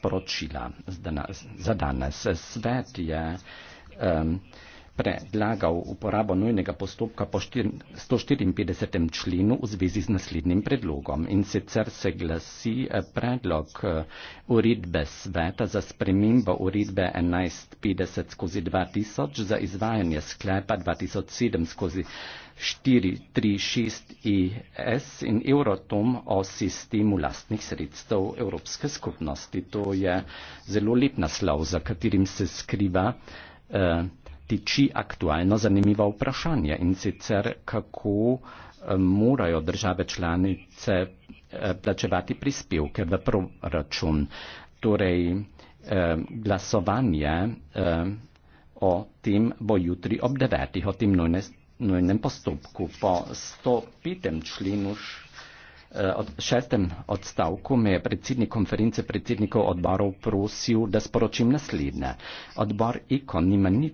poročila za danes. Svet je um, predlagal uporabo nujnega postopka po 154. členu v zvezi z naslednjim predlogom. In sicer se glasi eh, predlog eh, uredbe sveta za spremembo uredbe 1150 skozi 2000 za izvajanje sklepa 2007 skozi 436 ES in Eurotom o sistemu lastnih sredstev Evropske skupnosti. To je zelo lep naslov, za katerim se skriva. Uh, tiči aktualno zanimivo vprašanje in sicer kako eh, morajo države članice eh, plačevati prispevke v proračun. Torej, eh, glasovanje o tem bo jutri ob devetih, o tem nujne, nujnem postopku. Po 105. členu od šestem odstavku me je predsednik konference predsednikov odborov prosil, da sporočim naslednje. Odbor ICO nima nič.